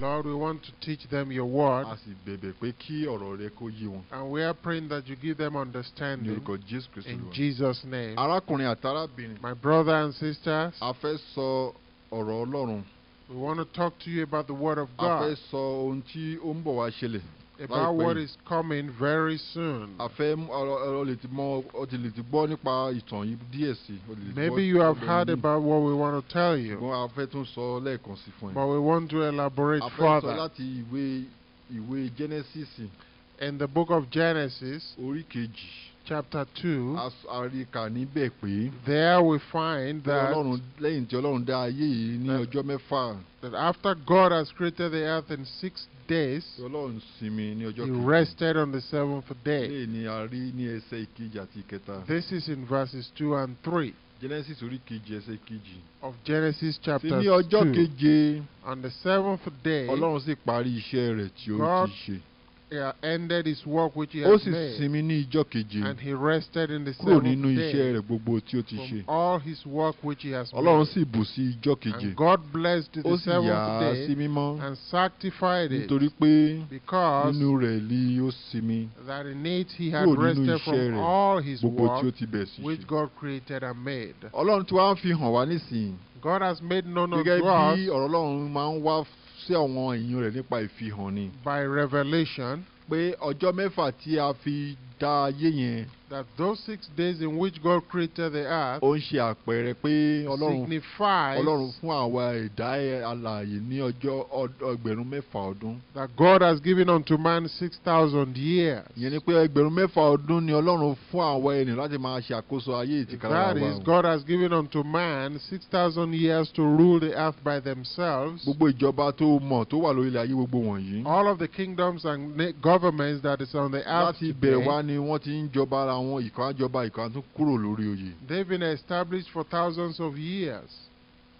Lord, we want to teach them your word. And we are praying that you give them understanding. In Jesus' name. My brother and sisters. sọ We want to talk to you about the word of God. sọ about what is coming very soon. Maybe you have heard about what we want to tell you. But we want to elaborate further. In the book of Genesis, chapter 2, there we find that, that after God has created the earth in six days. He rested on the seventh day. This is in verses two and three. Genesis Of Genesis chapter two. On the seventh day. God uh, ended his work which he had made. and he rested in the seventh day. from all his work which he has made. and God blessed the seventh day. and sanctified it. because that in it he had rested from all his work which God created and made. God has made known unto us. gẹ́gẹ́ bí ọ̀rọ̀ Ọlọ́run sí àwọn èèyàn rẹ̀ nípa ìfihàn ni. by revelation. pé ọjọ́ mẹ́fà tí a fi ayé yẹn. that those six days in which God created the earth. ó ń ṣe àpẹẹrẹ pé ọlọ́run signifies ọlọ́run fún àwa ní ọjọ́ ẹgbẹ̀rún mẹ́fà ọdún. that God has given unto man six thousand years. ni pé ẹgbẹ̀rún mẹ́fà ọdún ni ọlọ́run fún àwa ènìyàn láti máa ṣe àkóso ayé ìtìkára wa. that is God has given unto man six thousand years to rule the earth by themselves. gbogbo ìjọba tó mọ̀ tó wà lórí ilẹ̀ ayé gbogbo wọ̀nyí. all of the kingdoms and governments that is on the earth today. láti bẹ̀ wá ní. ni wọ́n ti ń jọba ara wọn ìkan á jọba ìkan lórí oyè. They've been established for thousands of years.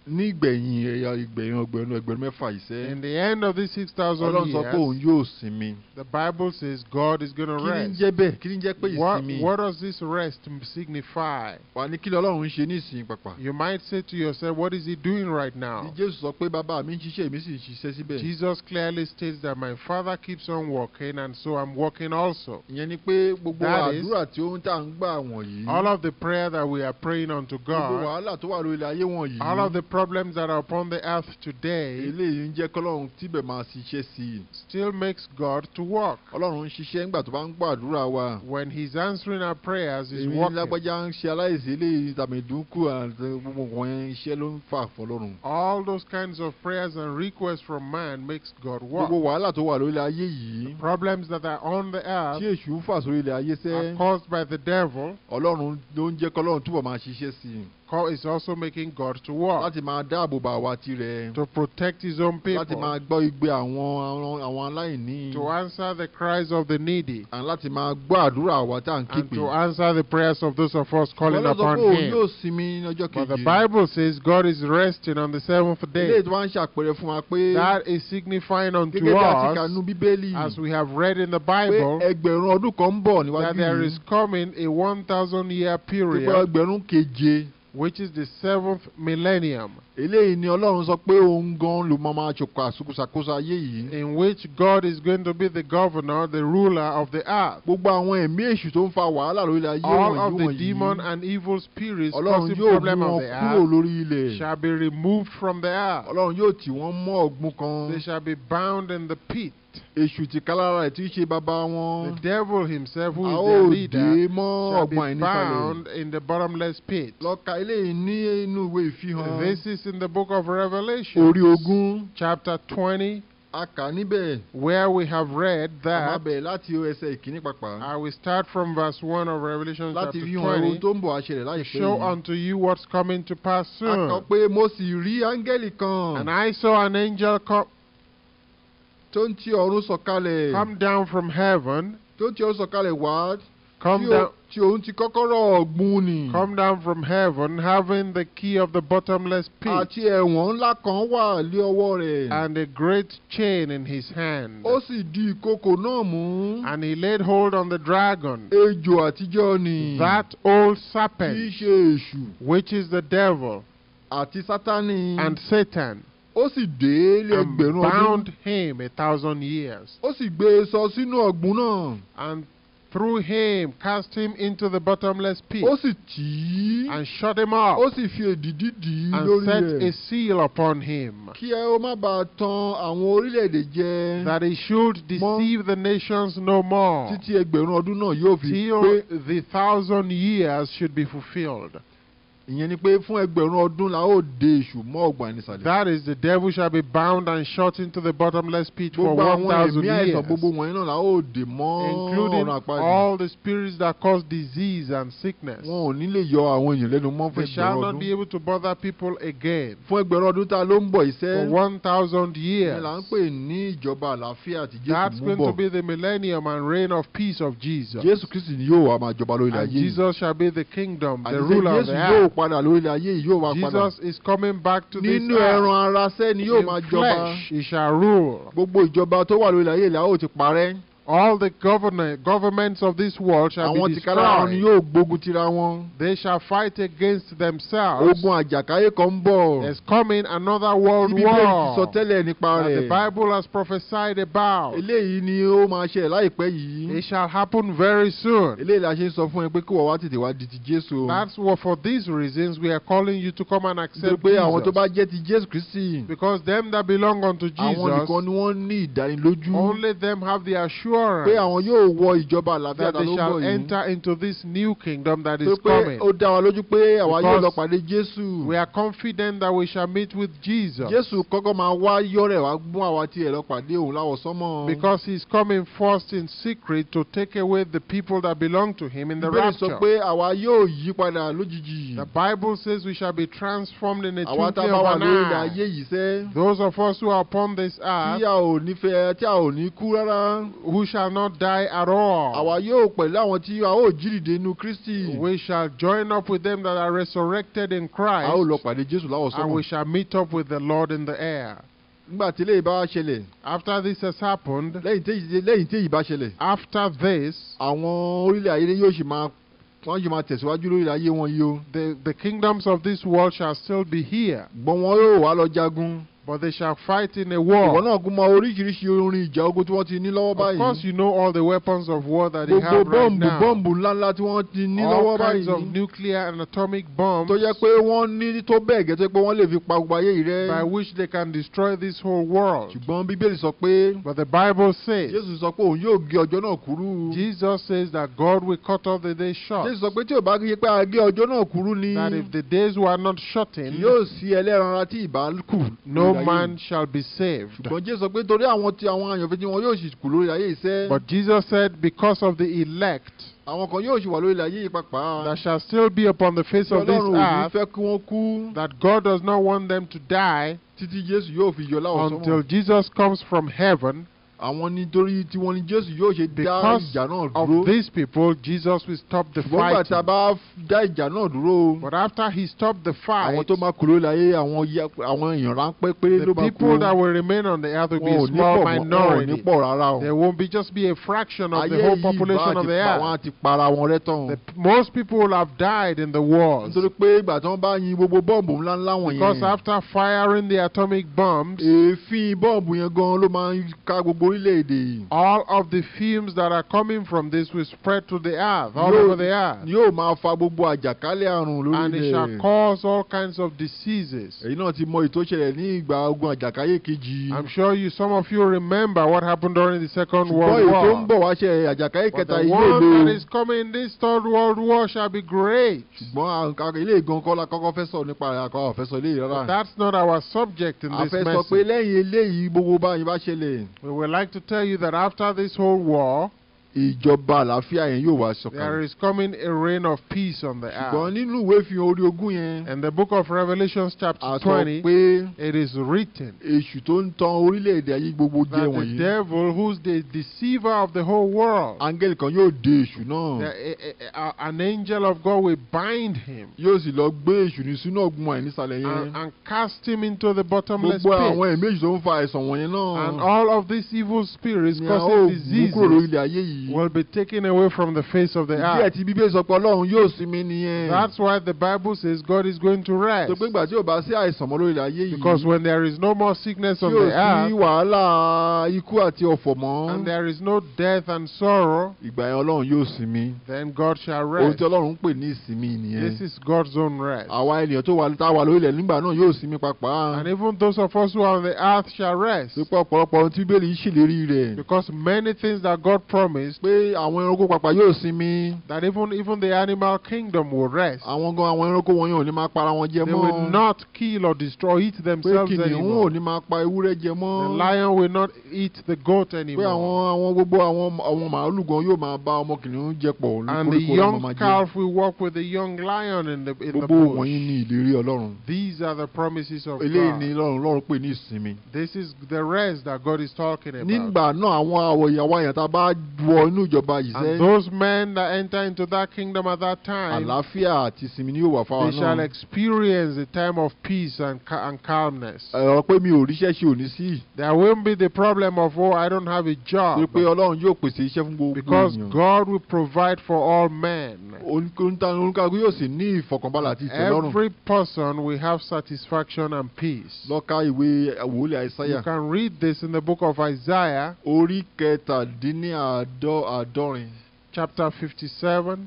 ní ìgbẹ̀yìn ẹ̀yà ìgbẹ̀yìn ẹgbẹ̀rún mẹ́fà ìṣẹ́. in the end of these six thousand years. ọlọ́run sọ pé òun yóò sinmi. the bible says God is gonna rest. kí ni jẹ́ bẹ́ẹ̀ kí ni jẹ́ pé ìsinmi. what does this rest signify? wà ní kí ni ọlọ́run ń ní ìsìn pàpà. you might say to yourself what is he doing right now? ní jésù sọ pé bàbá mi ń ṣiṣẹ́ èmi sì ń ṣiṣẹ́ síbẹ̀. Jesus clearly states that my father keeps on working and so I'm working also. ìyẹn ni pé gbogbo àdúrà tí ó ń tà ń gbà wọ̀nyí. all of the prayer that we are praying unto God. gbogbo wàhálà tó wà lórí ayé wọ̀nyí. all of the problems that are upon the earth today still makes God to work. when He's answering our prayers he is working. all those kinds of prayers and requests from man makes God work. the problems that are on the earth. are caused by the devil call is also making God to work. láti máa bá tirẹ̀. to protect his own people. láti máa gbọ́ igbe àwọn àwọn aláìní. to answer the cries of the needy. and láti máa gbọ́ àdúrà tá à and to answer the prayers of those of us calling upon him. yóò sinmi ọjọ́ kejì. but the Bible says God is resting on the seventh day. ilé ìtura ń fún wa pé. that is signifying unto us. gẹ́gẹ́ bí a ti kà as we have read in the Bible. pé ẹgbẹ̀rún ọdún kan ń bọ̀ níwájú yìí. that there is coming a one thousand year period. pé ẹgbẹ̀rún keje which is the seventh millennium. eléyìí ni ọlọ́run sọ pé òun gan ló máa máa ṣokò àṣokòṣàkóso ayé yìí. in which God is going to be the governor the ruler of the earth. gbogbo àwọn ẹ̀mí èṣù tó ń fa wàhálà lórí ayé wọ̀nyí wọ̀nyí. all of the demon and evil spirits causing problem of the earth. ọlọ́run yóò mú wọn kúrò lórí ilẹ̀. shall be removed from the earth. ọlọ́run yóò tì wọ́n mọ́ ọ̀gbun kan. they shall be bound in the pit èṣù ti kálára ẹ̀ tí í ṣe bàbá wọn. the devil himself who is their leader shall be found in the bottomless pit. lọ ka eléyìí ní inú ìwé ìfihàn. this is in the book of Revelation. orí ogún. chapter twenty. a kà níbẹ̀. where we have read that. a máa láti ẹsẹ̀ ìkíní pàpà. I will start from verse one of Revelation chapter twenty. láti fi hàn ohun tó ń bọ̀ àṣẹlẹ̀ láìpẹ́ yìí. show unto you what's coming to pass soon. a kọ pé mo sì rí áńgẹ́lì kan. and I saw an angel come tó ń ti ọ̀run sọ̀kalẹ̀. come down from heaven. tó ń ti ọ̀run sọ̀kalẹ̀ wá. come down. tí òun ti kọ́kọ́rọ́ ọ̀gbun ni. come down from heaven having the key of the bottomless pit. àti ẹ̀wọ̀n ńlá kan wà lé ọwọ́ rẹ̀. and a great chain in his hand. ó sì di ìkokò náà mú. and he laid hold on the dragon. ejò àtijọ́ ni. that old serpent. kì í ṣe èṣù. which is the devil. àti sátani. and satan ó sì dé lé ẹgbẹ̀rún ọdún. and bound him a thousand years. ó sì gbé e sọ sínú ọ̀gbun náà. and threw him, cast him into the bottomless pit. Ó sì tì í. And shut him up. Ó sì fi èdìdì dì í lórí rẹ̀. And set a seal upon him. Kí ẹ ó má bàa tan àwọn orílẹ̀-èdè jẹ. That he should deceive the nations no more. Títí ẹgbẹ̀rún ọdún náà yóò fi pé. Till the thousand years should be fulfilled ìyẹn ni pé fún ẹgbẹ̀rún ọdún la ó de èṣù mọ́ ọgbà nísàlẹ̀. that is the devil shall be bound and shot into the bottomless pit for one thousand years. gbogbo àwọn ẹ̀mí àìsàn gbogbo wọ̀nyí náà la ó de mọ́ ọ̀run àpáàdé. including all the spirits that cause disease and sickness. wọn ò ní lè yọ àwọn èèyàn lẹ́nu mọ́ fún ẹgbẹ̀rún ọdún. they shall not be able to bother people again. fún ẹgbẹ̀rún ọdún tá ló ń bọ̀ iṣẹ́. for one thousand years. ni là ń pè ní ìjọba àlàáfíà àti Jésù mú bọ̀. that's going to be the millennium and reign of peace of Jesus. Jesus shall be the kingdom the ruler of the earth padà lórílẹ̀ ayé yìí yóò máa padà. Jesus is coming back to this earth. nínú ẹran ara sẹ́ni yóò máa jọba. in flesh he shall rule. gbogbo ìjọba tó wà lórílẹ̀ ayé ìlà ó ti parẹ́ all the governor, governments of this world shall be destroyed. They shall fight against themselves. There's coming another world war that the Bible has prophesied about. It shall happen very soon. That's what for these reasons we are calling you to come and accept Jesus. Because them that belong unto Jesus, only them have the assurance assurance pé àwọn yóò wọ ìjọba àlàáfíà tá ló yìí. that they shall enter into this new kingdom that is coming. pé ó dá wa lójú pé àwa yóò lọ pàdé Jésù. we are confident that we shall meet with Jesus. Jésù kọ́kọ́ máa wá yọ̀rẹ̀ wá àwa lọ pàdé òun láwọ̀ because he is coming first in secret to take away the people that belong to him in the rapture. sọ pé àwa yóò yí padà lójijì. the Bible says we shall be transformed in a twinkling of an eye. àwa tá a bá wà lórí ilẹ̀ ayé yìí sẹ́. those of us who are upon this earth. tí a ò ní fẹ́ tí a ò ní kú rárá. who shall not die at all. Àwa yóò pẹ̀lú àwọn tí a ó dìde nínú Kristi. We shall join up with them that are resurrected in Christ. A ó lọ pàdé Jésù láwọ̀ sọ́mọ̀. And we shall meet up with the Lord in the air. Nígbà tí eléyìí bá ṣẹlẹ̀. After this has happened. Lẹ́yìn tí lẹ́yìn tí èyí bá ṣẹlẹ̀. After this. Àwọn orílẹ̀ ayé yóò ṣì máa wọ́n yóò máa tẹ̀síwájú lórí ayé wọn yìí o. The the kingdoms of this world shall still be here. Gbọ̀n wọn yóò wá lọ jagun. But they shall fight in a war. Ìwọ náà gún mọ oríṣiríṣi orin ìjà ogun tí wọ́n ti ní lọ́wọ́ báyìí. Of course you know all the weapons of war that they have right now. Gbogbo bọ́ǹbù bọ́ǹbù ńláńlá tí wọ́n ti ní lọ́wọ́ báyìí. All kinds of nuclear and atomic bombs. Tó pé wọ́n ní tó bẹ́ẹ̀ gẹ́tẹ́ pé wọ́n lè fi pa gbogbo ayé rẹ. By which they can destroy this whole world. Ṣùgbọ́n Bíbélì sọ pé. But the Bible says. Jésù sọ pé òun yóò gé ọjọ́ náà kúrú. Jesus says that God will cut off the day short. Jésù sọ pé tí ò bá yẹ pé a gé ọjọ́ náà kúrú ni. That if the days were not shortened. Yóò sí ẹlẹ́ran man shall be saved. But Jesus said, because of the elect, that shall still be upon the face of this earth, that God does not want them to die until Jesus comes from heaven, àwọn nítorí tí wọ́n ní jésù yóò ṣe dá ìjà náà dúró. because of these people Jesus will stop the fight. ṣùgbọ́n bàtà bá dá ìjà náà dúró. but after he stopped the fight. àwọn tó máa kúrò láyé àwọn àwọn èèyàn ránpẹ́ ló máa kúrò. the people that will remain on the earth will be a small minority. there won't be just be a fraction of the whole population of the earth. ayé yìí bá para wọn rẹ́ tán. most people have died in the war nítorí pé ìgbà tí wọ́n bá yin gbogbo bọ́ọ̀bù wọ̀nyẹn. because after firing the atomic bombs. èéfín bọ́ọ̀bù yẹn gan ló máa ń ká gbogbo orílẹ̀-èdè yìí. all of the fumes that are coming from this will spread to the earth all over the earth. yóò máa fa gbogbo àjàkálẹ̀ àrùn lórílẹ̀. and it shall cause all kinds of diseases. èyí náà ti mọ ètò ìṣẹ̀lẹ̀ ní ìgbà ogun àjàkáyé kejì. I'm sure you some of you remember what happened during the second world war. ṣùgbọ́n èyí ń bọ̀ wá ṣe àjàkáyé kẹta ilé ìlú. but the one that is coming this third world war shall be great. ṣùgbọ́n ilé ìgan kọ́kọ́ fẹ́ sọ nípa àkọ́kọ́ fẹ́ sọ ilé that's not our subject in this message like to tell you that after this whole war, ìjọba àlàáfíà yẹn yóò wá sọ̀kan. there is coming a reign of peace on the earth. ṣùgbọ́n nínú ìwé ìfihàn orí ogún yẹn. and the book of Revelation chapter twenty. pé it is written. èṣù tó ń tan orílẹ̀-èdè ayé gbogbo jẹ wọ̀nyí. that the devil who is the deceiver of the whole world. angel kan yóò de èṣù náà. Eh, eh, eh, an angel of God will bind him. yóò sì lọ gbé èṣù ní sínú ọ̀gbun yẹn. and cast him into the bottomless pit. gbogbo àwọn ẹ̀mí èṣù tó ń fa àìsàn wọ̀nyẹn náà. and all of these evil spirits causing diseases. ni a ó mú lórílẹ̀ ayé yìí. Mm-hmm. will be taken away from the face of the earth. that's why the bible says God is going to rest. because when there is no more sickness on the earth. and there is no death and sorrow. then God shall rest. this is God's own rest. and even those of us who are on the earth shall rest. because many things that God promised says. pé àwọn ẹranko pàpà yóò sinmi. that even even the animal kingdom will rest. àwọn gan àwọn ẹranko wọn yóò ní máa para wọn jẹ mọ́. they will not kill or destroy eat themselves anymore. pé kìnìún ò ní máa pa ewúrẹ́ jẹ mọ́. the lion will not eat the goat anymore. pé àwọn àwọn gbogbo àwọn àwọn màálù gan yóò máa bá ọmọ kìnìún jẹ pọ̀. and the young calf will walk with the young lion in the in the bush. gbogbo wọ̀nyí ni ìlérí Ọlọ́run. these are the promises of God. eléyìí ni Ọlọ́run Ọlọ́run pè ní ìsinmi. this is the rest that God is talking about. nígbà náà àwọn àwọ̀ ìyàwó and those men that enter into that kingdom at that time. they shall experience the time of peace and, and calmness. there won't be the problem of oh I don't have a job. because God will provide for all men. every person will have satisfaction and peace. you can read this in the book of Isaiah. ọjọ́ àádọ́rin chapter fifty seven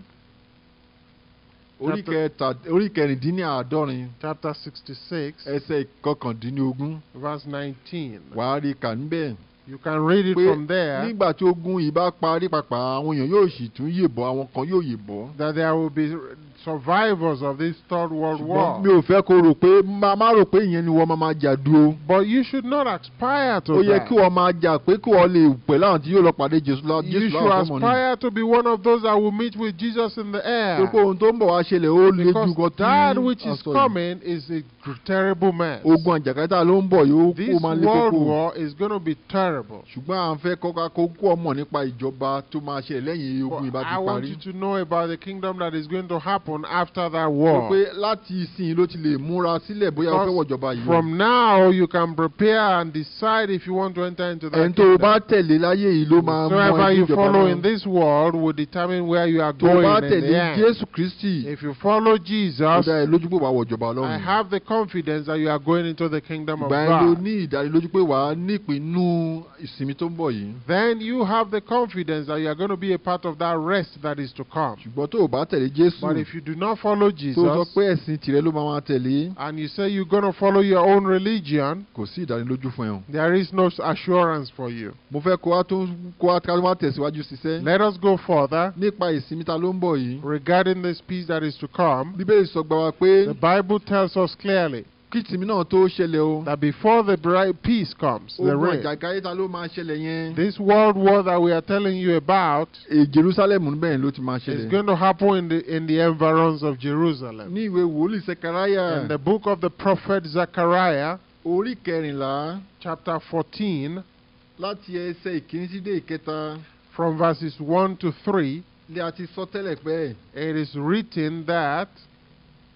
orí kẹrìndínláàádọ́rin chapter sixty six ẹsẹ̀ ìkọkàndínlógún verse nineteen wàá rí kà níbẹ̀. you can read it from there. nígbà tí ogun yìí bá parí pàpà àwọn èèyàn yóò sì tún àwọn kan yóò that there will be survivors of this third world war. ṣùgbọ́n mi ò fẹ́ kó rò pé má rò pé ìyẹn ni wọ́n máa jà dúró. but you should not aspire to that. ó yẹ kí wọ́n máa jà pé kí wọ́n lè pẹ̀ láwọn tí yóò lọ pàdé Jésù láwọn you should aspire to be one of those that will meet with Jesus in the air. ohun tó ń bọ̀ wá ṣẹlẹ̀ ó lé ju tí. because that which is coming is a terrible mess. ogun àjàkátà ló ń bọ̀ yóò kó máa lé kókó. this world war is gonna be terrible. ṣùgbọ́n à ń fẹ́ kọ́ka kó kó ọmọ nípa ìjọba tó máa ṣe lẹ́yìn ogun ìbá ti parí. I want you to know about the kingdom that is going to happen after that war. pé láti ìsìn ló ti lè múra sílẹ̀ bóyá o fẹ́ wọ̀jọba yìí. from now you can prepare and decide if you want to enter into that kingdom. ẹni bá tẹ̀lé láyé yìí ló máa mọ ẹni tó ìjọba náà. you follow in this world will determine where you are going in the end. tó bá tẹ̀lé Jésù Kristi. if you follow Jesus. I have the confidence that you are going into the kingdom of God. Then you have the confidence that you are going to be a part of that rest that is to come. But if you do not follow Jesus. And you say you're going to follow your own religion. There is no assurance for you. Let us go further. Regarding this peace that is to come. The Bible tells us clearly that before the bride peace comes, the this world war that we are telling you about is going to happen in the, in the environs of Jerusalem. In the book of the prophet Zechariah, chapter 14, from verses 1 to 3, it is written that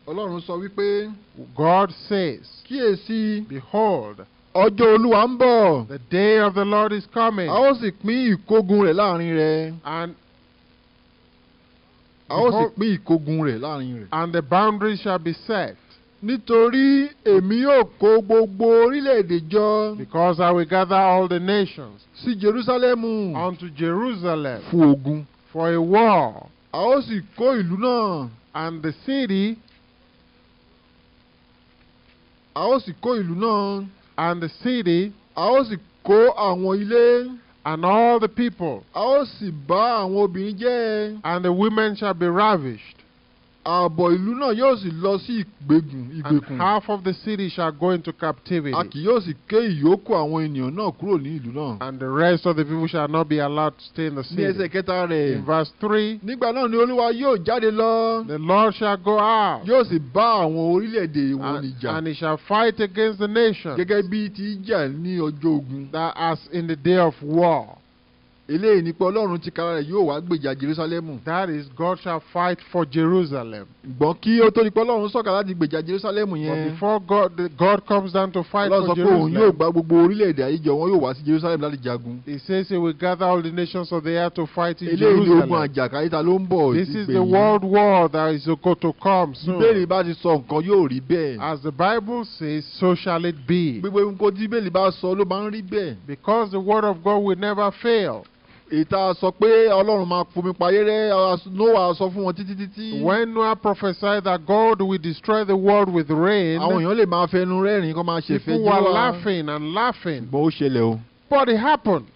Ọlọ́run sọ wípé. God says. Kíyèsí. Behold. Ọjọ́ Olúwa ń bọ̀. The day of the Lord is coming. A ó sì pín ìkógun rẹ̀ láàrin rẹ̀. And a ó sì pín ìkógun rẹ̀ láàrin rẹ̀. And the boundary shall be set. Nítorí èmi yóò kó gbogbo orílẹ̀-èdè jọ. Because I will gather all the nations. Sí Jerúsálẹ́mù. Unto Jerusalem. Fún ogun. For a war. A ó sì kó ìlú náà. And the city a ó sì kó ìlú náà and the city a ó sì kó àwọn ilé and all the people a ó sì and the women shall be ravished ààbọ̀ ìlú náà yóò sì lọ sí ìgbègùn. and half of the city shall go into captivity. a kì yóò sì ké ìyókù àwọn ènìyàn náà kúrò ní ìlú náà. and the rest of the people shall not be allowed to stay in the city. ní ẹsẹ̀ kẹta rẹ̀. in verse three. nígbà náà ni olúwa yóò jáde lọ. the lord shall go out. yóò sì bá àwọn orílẹ̀-èdè and he shall fight against the nation. gẹ́gẹ́ bí ti ìjà ní ọjọ́ ogun. that as in the day of war eléyìí ni pé ọlọ́run ti kára rẹ̀ yóò wá gbèjà jerusalemu. that is God shall fight for Jerusalem. gbọ́n kí ó tó di pé ọlọ́run sọ̀kà láti gbèjà jerusalemu yẹn. but before God, God comes down to fight for Jerusalem. ọlọ́run sọ pé òun yóò gba gbogbo orílẹ̀-èdè àyíjọ wọn yóò wá sí láti jagun. he says he will gather all the nations of the earth to fight in Jerusalem. eléyìí ni ogun ló ń bọ̀. this is the world war that is go to come soon. bíbélì bá ti sọ nǹkan yóò rí bẹ́ẹ̀. as the Bible says so shall it be. gbogbo tí bá sọ ló máa ń rí bẹ́ẹ̀. because the word of God will never fail ìta sọ pé ọlọ́run máa fomi payé rẹ́ noah sọ fún wọn títí títí. when noah prophesied that God will destroy the world with rain. àwọn èèyàn lè máa fẹnu rẹ́rìn-ín kó máa ṣe fẹ́ jíwa. people were laughing and laughing. bó ṣẹlẹ̀ o. but it happened.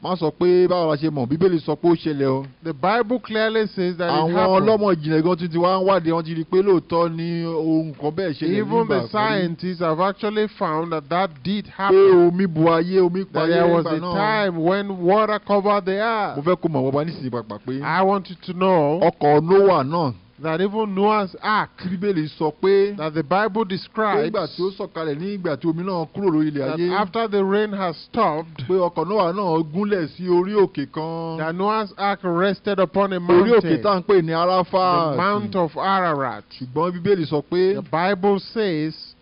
má sọ pé báwo la ṣe mọ̀ bíbélì sọ pé ó ṣẹlẹ̀ o. the bible clearly says that it happened. àwọn ọlọ́mọ ìjìnlẹ̀ gan tuntun wa ń wádìí wọn ti rí i pé lóòótọ́ ni ohun kan bẹ́ẹ̀ ṣẹlẹ̀ nígbà kan. even the scientists have actually found that that did happen. pé omi bu ayé omi pa ayé nígbà náà. there was a time when water covered the earth. mo fẹ́ kó mọ̀ wọ́n bá nísìnyí pàpà pé. I want you to know. ọkọ̀ Noah náà. that even Noah's ark. Bíbélì sọ pé. that the Bible describes. tí ó ní ìgbà tí omi náà kúrò lórí ilẹ̀ ayé. that after the rain has stopped. pé ọkọ̀ Noah náà gúnlẹ̀ sí orí òkè kan. that Noah's ark rested upon a mountain. orí òkè tá ń pè ní Arafat. the mount of Ararat. ṣùgbọ́n Bíbélì sọ pé. the Bible says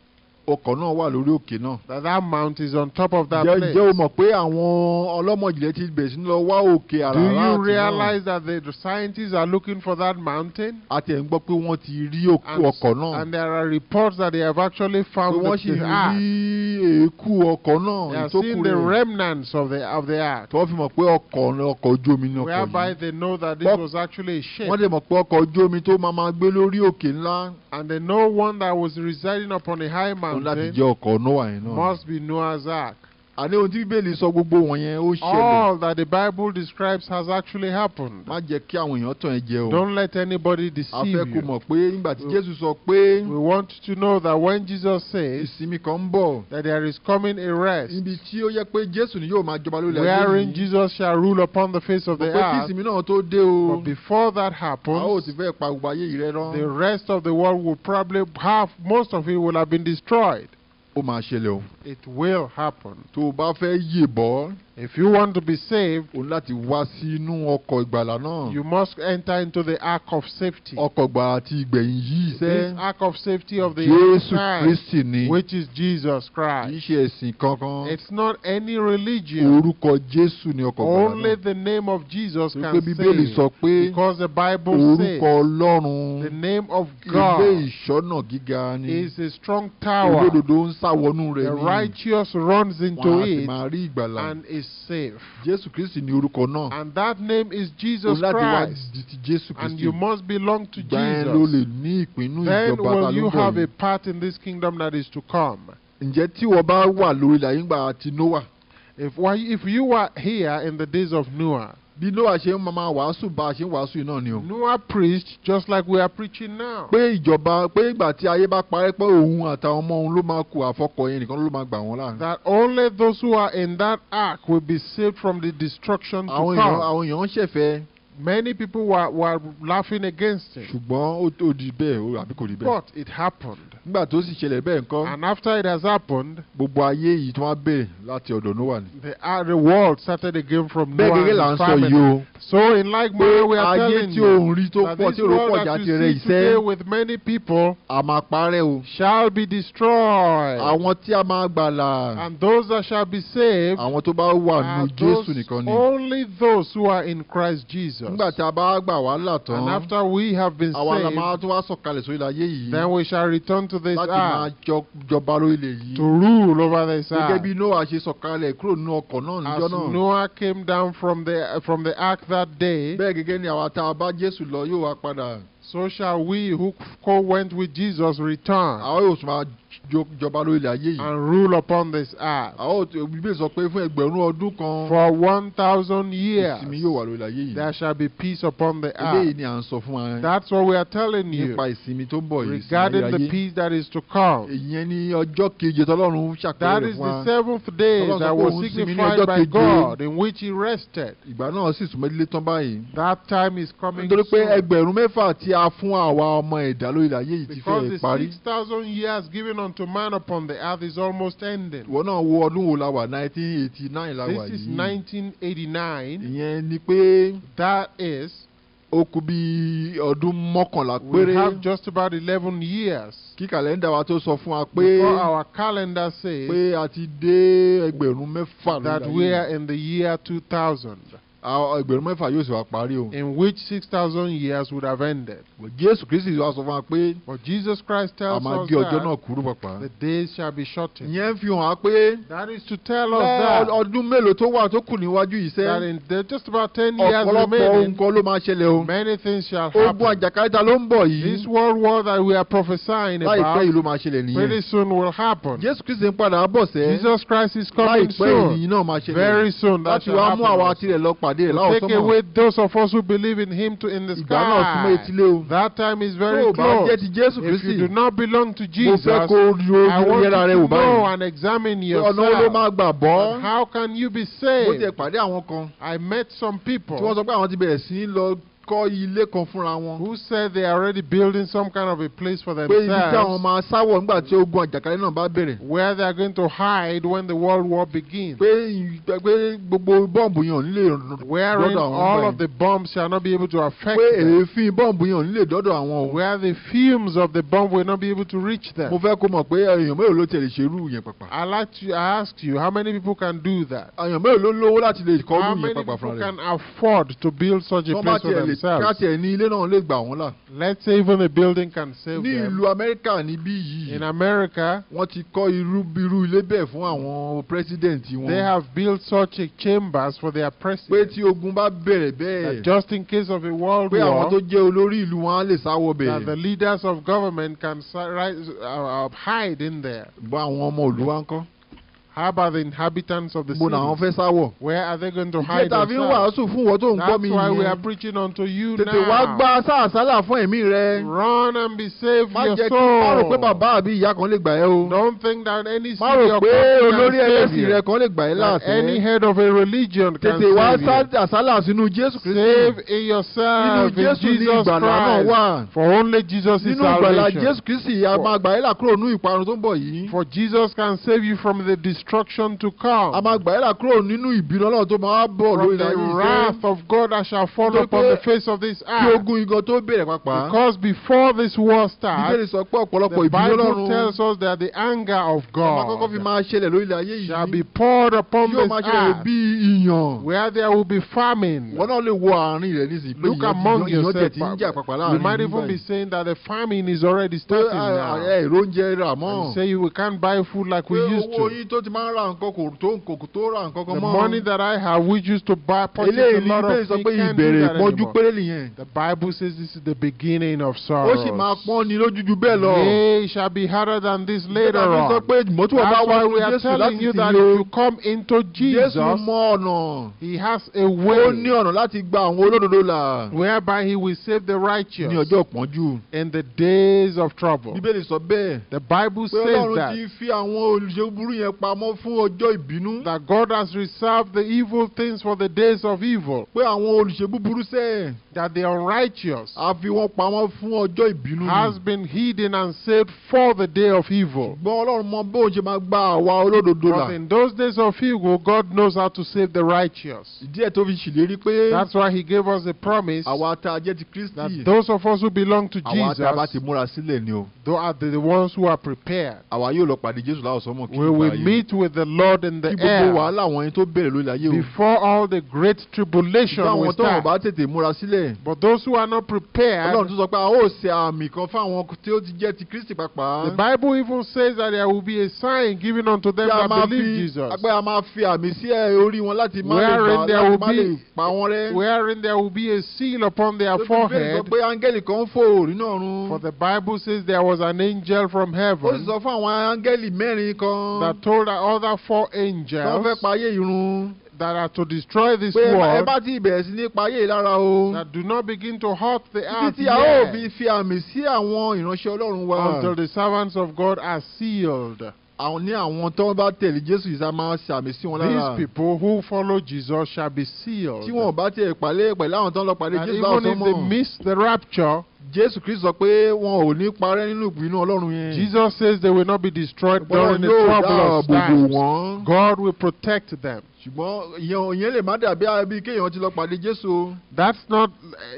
ọkọ̀ náà wà lórí òkè náà. that that mount is on top of that place. jẹ́ o mọ̀ pé àwọn ti bẹ̀rẹ̀ sí lọ wá òkè náà. do you realize that the scientists are looking for that mountain. a ti ẹ̀ ń gbọ́ pé wọ́n ti rí ọkọ̀ náà. and there are reports that they have actually found the ark. wọ́n sì rí èékú ọkọ̀ náà. they are seeing the remnants of the of the ark. tó fi mọ̀ pé ọkọ̀ ọkọ̀ ojú omi ni ọkọ̀ yìí. whereby they know that this was actually a ship. wọ́n lè mọ̀ pé ọkọ̀ ojú omi tó máa máa gbé lórí òkè ńlá. and they know one that was residing upon a high mountain must be Noah's ark àní ohun tí bíbélì sọ gbogbo wọ̀nyẹn ó ṣẹlẹ̀. all that the Bible describes has actually happened. má jẹ́ kí àwọn èèyàn tàn ẹ́ jẹ o. don't let anybody deceive you. a fẹ́ kó mọ̀ pé nígbà tí Jésù sọ pé. we want to know that when Jesus says. ìsinmi kan ń bọ̀. that there is coming a rest. ibi tí ó yẹ pé Jésù ni yóò máa jọba lórí ayé mi. wherein Jesus shall rule upon the face of the earth. mo pé kí ìsinmi náà tó dé o. but before that happens. a ó ti fẹ́ pa gbogbo ayé yìí rẹ́ rán. the rest of the world will probably have most of it will have been destroyed ó máa ṣẹlẹ̀ o. it will happen. tó o bá fẹ́ if you want to be saved. o ní láti wá sínú ọkọ̀ ìgbàlà náà. you must enter into the ark of safety. ọkọ̀ ìgbàlà ti yìí sẹ́. this ark of safety of the Jesus Christ. Jésù Kristi ni. which is Jesus Christ. kì í ṣe ẹ̀sìn kankan. it's not any religion. orúkọ Jésù ni ọkọ̀ ìgbàlà náà. only the name of Jesus can save. Bíbélì sọ pé. because the Bible says. orúkọ Ọlọ́run. the name of God. ilé ìṣọ́nà gíga ni. is a strong tower. ń sá sá wọnú rẹ̀ ni. the righteous runs into it and is saved. Jésù Kristi ni orúkọ náà. and that name is Jesus Christ. and you must belong to Jesus. ló lè ní ìpinnu ìjọba then will you have a part in this kingdom that is to come. ǹjẹ́ tí wọ́n bá wà lórí ilẹ̀ ayé ń gbà àti Noah. if you were here in the days of Noah bí ló àṣẹ ń máa wàásù bá àṣẹ ń wàásù náà ni o. Noah preached just like we are preaching now. pé ìjọba pé ìgbà tí ayé bá parẹ́ pé òun àtàwọn ọmọ òun ló máa kú àfọkọ yẹn nìkan ló máa gbà wọ́n láàrin. that only those who are in that ark will be saved from the destruction to come. àwọn èèyàn àwọn èèyàn ń ṣẹ̀fẹ̀. Many people were, were laughing against him. But it happened. And after it has happened. Gbogbo ayé yìí tí wọ́n The, uh, the world started again from Noah and his family. sọ in like manner we are telling you. That this world that you see today with many people. Shall be destroyed. And those that shall be saved. Are those only those who are in Christ Jesus us. and after we have been saved. then we shall return to this earth. to rule over this earth. as Noah came down from the from the ark that day. so shall we who co-went with Jesus return jọba lórí ilẹ̀ ayé yìí. and rule upon this earth. àwọn sọ pé fún ẹgbẹ̀rún ọdún kan. for one thousand years. ìsinmi yóò wà lórí ilẹ̀ ayé yìí. there shall be peace upon the earth. eléyìí ni à ń sọ fún wa. that's what we are telling you. nípa ìsinmi tó ń bọ̀ yìí. regarding the peace that is to come. ìyẹn ni ọjọ́ keje tọ́lọ́run fún wa. that is the seventh day that was signified by God in which he rested. ìgbà náà sì tán báyìí. that time is coming soon. nítorí pé ẹgbẹ̀rún mẹ́fà tí a fún àwa ọmọ ẹ̀dá lórí ilẹ̀ ayé yìí ti fẹ́ẹ̀ parí. because the six thousand years given us to man upon the earth is almost ending. Wọ́n náà wo ọdún wo la wà nineteen eighty nine la wà yìí. This is nineteen eighty nine. Ìyẹn ni pé. That is. Ó kù bí ọdún mọ́kànlá péré. We have just about eleven years. Kí kàlẹ́ndà wa tó sọ fún wa pé. Before our calendar says. Pé a ti dé ẹgbẹ̀rún mẹ́fà. That we are in the year two thousand ẹgbẹ̀rún mẹ́fà yóò sì wá parí o. in which six thousand years would have ended. but Christ is also so fun pe but Jesus Christ tells us that. a máa gé ọjọ́ náà kúrú pàpà. the days shall be shortened. yẹn fi hàn á pé. that is to tell us that. ọdún mélòó tó wà tó kù níwájú yìí sẹ́. that in the, just about ten years remaining. ọ̀pọ̀lọpọ̀ nǹkan ló máa ṣẹlẹ̀ o. many things shall happen. ogun àjàkálẹ̀ta ló ń bọ̀ yìí. this world war that we are prophesying about. láìpẹ́ yìí ló máa ṣẹlẹ̀ nìyẹn. pretty soon will happen. Jésù Kristi ń padà bọ̀ sẹ́. Jesus Christ is coming soon. láìpẹ́ yìí máa ṣẹlẹ̀. very soon that shall happen. láti pàdé ẹ̀ láwọ̀ sọ́mọ̀. take away those of us who believe in him to in the sky. ìgbà náà súnmọ́ etílé o. that time is very close. tó o bá jẹ́ ti Jésù Kristi. if you do not belong to Jesus. mo fẹ́ kó o yọ yẹra rẹ wò báyìí. I want you to know and examine yourself. ọ̀nà ló máa gbà bọ́. how can you be saved? mo ti ẹ̀ pàdé àwọn kan. I met some people. tí wọ́n sọ pé àwọn ti bẹ̀rẹ̀ sí í lọ kọ́ ilé kan fúnra wọn. who said they are already building some kind of a place for themselves. pé ibi máa sáwọ̀ nígbà tí ogun àjàkálẹ̀ náà bá bẹ̀rẹ̀. where they are going to hide when the world war begins. pé pé gbogbo bọ́ǹbù dọ́dọ̀ àwọn bẹ́ẹ̀. wherein all of the bombs shall not be able to affect them. pé èéfín bọ́ǹbù yẹn ò dọ́dọ̀ àwọn o. where the fumes of the bomb will not be able to reach them. mo fẹ́ kó mọ̀ pé èèyàn mélòó ló ṣerú yẹn pàpà. I like to ask you how many people can do that. èèyàn mélòó ló lówó láti lè kọ́ how many can afford to build such a place themselves. ní ilé náà lè gbà wọ́n là. let's say even a building can save them. ní ìlú Amẹ́ríkà níbí yìí. in America. wọ́n ti kọ́ irú irú ilé bẹ́ẹ̀ fún àwọn president wọn. they have built such a chambers for their president. pé tí ogun bá bẹ̀rẹ̀ bẹ́ẹ̀. that just in case of a world war. pé àwọn tó jẹ́ olórí ìlú wọn á lè sáwọ́ bẹ̀rẹ̀. that the leaders of government can rise, uh, uh, hide in there. àwọn ọmọ òlú wa ń kọ́. How about the inhabitants of the city. where are they going to hide themselves. that's why we are preaching unto you now. run and be saved your soul. o. don't think that any senior person can save you. any head of a religion can save you. save in yourself in Jesus Christ. for only Jesus is salvation. for Jesus can save you from the destruction destruction to come. a máa kúrò nínú ìbínú ọlọ́run tó máa bọ̀ lórí ayé from the wrath of God that shall fall upon the face of this earth. kí ogun igan tó bẹ̀rẹ̀ because before this war starts. bíbélì sọ pé ọ̀pọ̀lọpọ̀ ìbínú ọlọ́run. the Bible tells us that the anger of God. ọmọ fi máa ṣẹlẹ̀ lórí ayé yìí. shall be poured upon this earth. yóò máa ṣẹlẹ̀ bí ìyàn. where there will be famine. wọn náà lè wo àárín rẹ look among yourself. you might even be saying that the famine is already starting ah, now. Eh, say you can't buy food like we used to the money that I have we used to buy purchase a lot of things. the Bible says this is the beginning of sorrows. ó it shall be harder than this later on. ìjọba sọ pé mọ́tò ọba if you come into Jesus. he has a way. whereby he will save the righteous. in the days of trouble. the Bible says that pamọ́ fún ọjọ́ ìbínú. that God has reserved the evil things for the days of evil. pé àwọn olùṣe búburú that the unrighteous. a fi wọn pamọ́ fún ọjọ́ ìbínú. has been hidden and saved for the day of evil. gbọ́ ọlọ́run mọ bóun ṣe máa gba àwa olódodo là. but in those days of evil God knows how to save the righteous. tó fi ṣèlérí pé. that's why he gave us the promise. àwa tá ti Kristi. that those of us who belong to Jesus. àwa tá bá ti múra sílẹ̀ ni o. though are the ones who are prepared. àwa yóò lọ pàdé Jésù mọ̀ kí n bá yé. we will meet meet with the Lord in the air. Before all the great tribulation will start. But those who are not prepared. The Bible even says that there will be a sign given unto them that believe Jesus. Wherein there will be, wherein there will be a seal upon their forehead. For the Bible says there was an angel from heaven. That told other four angels. fẹ́ payé irun. that are to destroy this world. pé ẹ bá ti bẹ̀rẹ̀ sí ní payé lára o. that do not begin to hurt the earth yet. títí a ó fi fi àmì sí àwọn ìránṣẹ́ Ọlọ́run wa. until the servants of God are sealed. àwọn ní àwọn tó bá tẹ̀lé Jésù yìí máa sí wọn lára. these people who follow Jesus shall be sealed. tí wọn bá pàlẹ́ pẹ̀lú àwọn tó ń lọ pàdé Jésù tó mọ̀. and even if they miss the rapture. Jésù sọ pé wọn ò ní parẹ́ nínú ìpinnu Ọlọ́run yẹn. Jesus says they will not be destroyed during the troubles times. God will protect them. ṣùgbọ́n ìyẹn lè má dàbí àbí kéèyàn ti lọ pàdé Jésù. That's not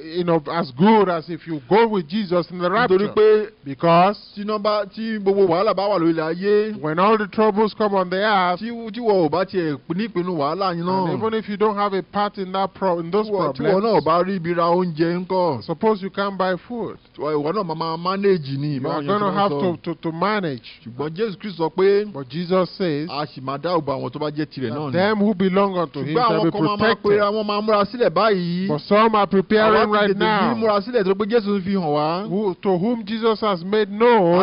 you know, as good as if you go with Jesus in the rapture. nítorí pé because tí nọ́mbà tí gbogbo wàhálà bá wà lórí ilẹ̀ ayé. when all the troubles come on the earth. tí tí wọ́n ò bá tiẹ̀ ní ìpinnu wàhálà yín náà. and even if you don't have a part in that problem, in those problems. tí wọ́n náà bá rí ibi ra oúnjẹ ńkọ́. suppose you can't buy food good. ìwọ náà máa manage ni. you are gonna have to to to manage. but Jesus Christ, sọ but Jesus says. a sì máa dáàbò àwọn tó bá them who belong unto him shall be protected. ṣùgbọ́n but some are preparing right now. who to whom Jesus has made known.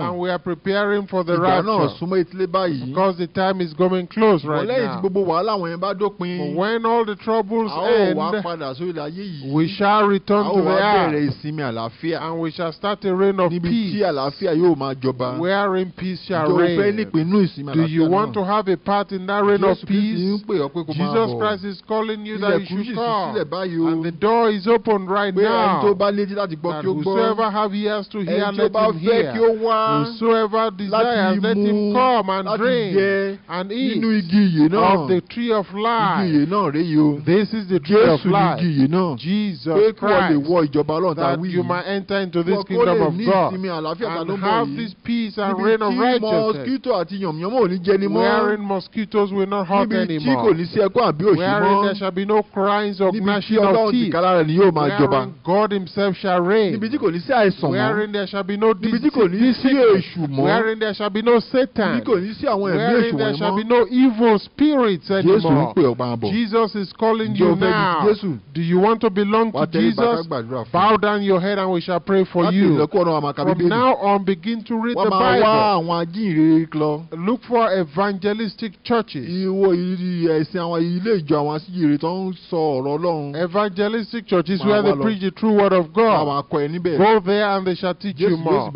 and we are preparing for the rapture. because the time is going close right now. but when all the troubles end. we shall return done there. And we shall start a reign of peace. Wherein peace shall reign. Do you want to have a part in that reign of peace? Jesus Christ is calling you that you should come. And the door is open right now. That whosoever have ears to hear, let him hear. Whosoever desires, let him come and drink and eat of the tree of life. This is the tree of life. Jesus Christ lè wọ ìjọba that you might enter into this kingdom of God and have this peace and reign of righteousness. ibi wherein mosquitoes will not hurt anymore. níbi wherein there shall be no crying or gnashing of teeth. níbi wherein God himself shall reign. níbi wherein there shall be no disease. níbi wherein there shall be no Satan. níbi wherein there shall be no evil spirits anymore. Jesus is calling you now. Do you want to belong to Jesus? Bow down your head and we shall pray for you. From now on, begin to read the Bible. Look for evangelistic churches. Evangelistic churches where they preach the true word of God. Go there and they shall teach you more.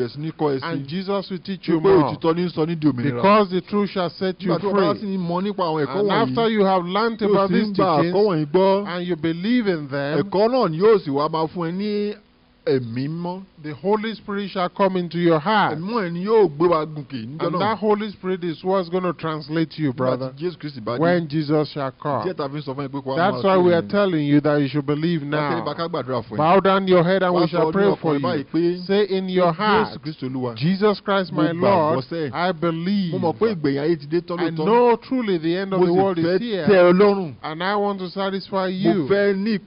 And Jesus will teach you more. Because the truth shall set you free. And after you have learned about these teachings and you believe in them, máa fún ẹ ní ẹ̀mí mọ́. the holy spirit shall come into your heart. ẹ̀mọ́ yóò gbé wa and that holy spirit is what's gonna translate you brother. Jesus Christ ìbàdí. when Jesus shall come. díẹ̀ tàbí sọ fún ẹ pé kò wá that's why we are telling you that you should believe now. wọ́n tẹ́lẹ̀ bá ká gbàdúrà fún ẹ. bow down your head and we shall pray for you. say in your heart Jesus Christ my Lord I believe. mo mọ̀ pé ti dé I know truly the end of the world is here. mo sì fẹ́ tẹ́ and I want to satisfy you. mo fẹ́ ní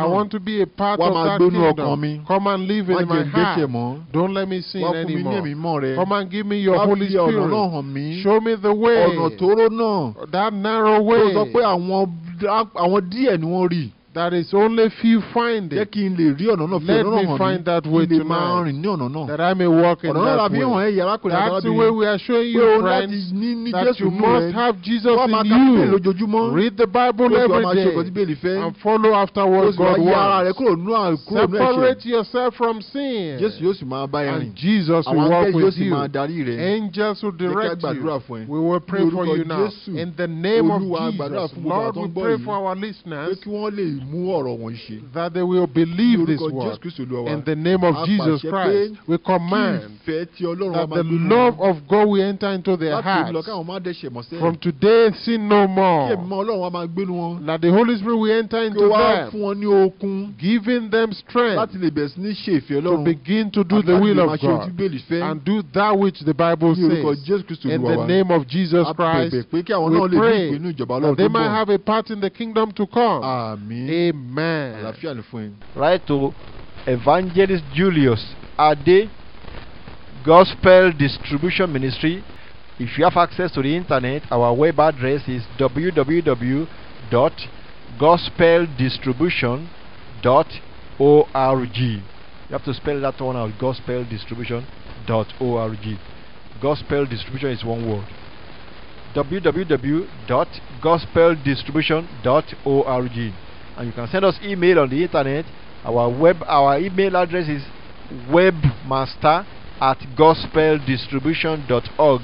I want to be a part of that kingdom. Come and live in my heart. Don't let me sin anymore. Come and give me your Holy Spirit. Show me the way. That narrow way. That is only few find Let me find that way tomorrow. That I may walk in that way. That's the way we are showing you friends that you must have Jesus in you. Read the Bible every day and follow after what God wants. Separate yourself from sin. And Jesus will walk with you. Angels will direct you. We will pray for you now. In the name of Jesus, Lord, we pray for our listeners that they will believe this word. In the name of Jesus Christ, we command that the love of God will enter into their hearts. From today, sin no more. That the Holy Spirit will enter into them, giving them strength to begin to do the will of God and do that which the Bible says. In the name of Jesus Christ, we pray that they might have a part in the kingdom to come. Amen. Amen. Write to Evangelist Julius Ade, Gospel Distribution Ministry. If you have access to the internet, our web address is www.gospeldistribution.org. You have to spell that one out gospeldistribution.org. Gospel distribution is one word www.gospeldistribution.org and you can send us email on the internet. Our web our email address is webmaster at gospeldistribution.org.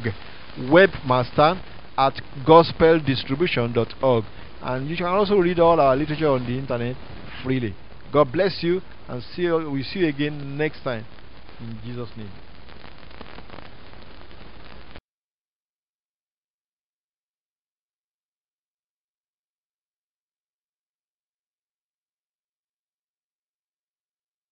Webmaster at gospeldistribution.org. And you can also read all our literature on the internet freely. God bless you and see you, we we'll see you again next time in Jesus name.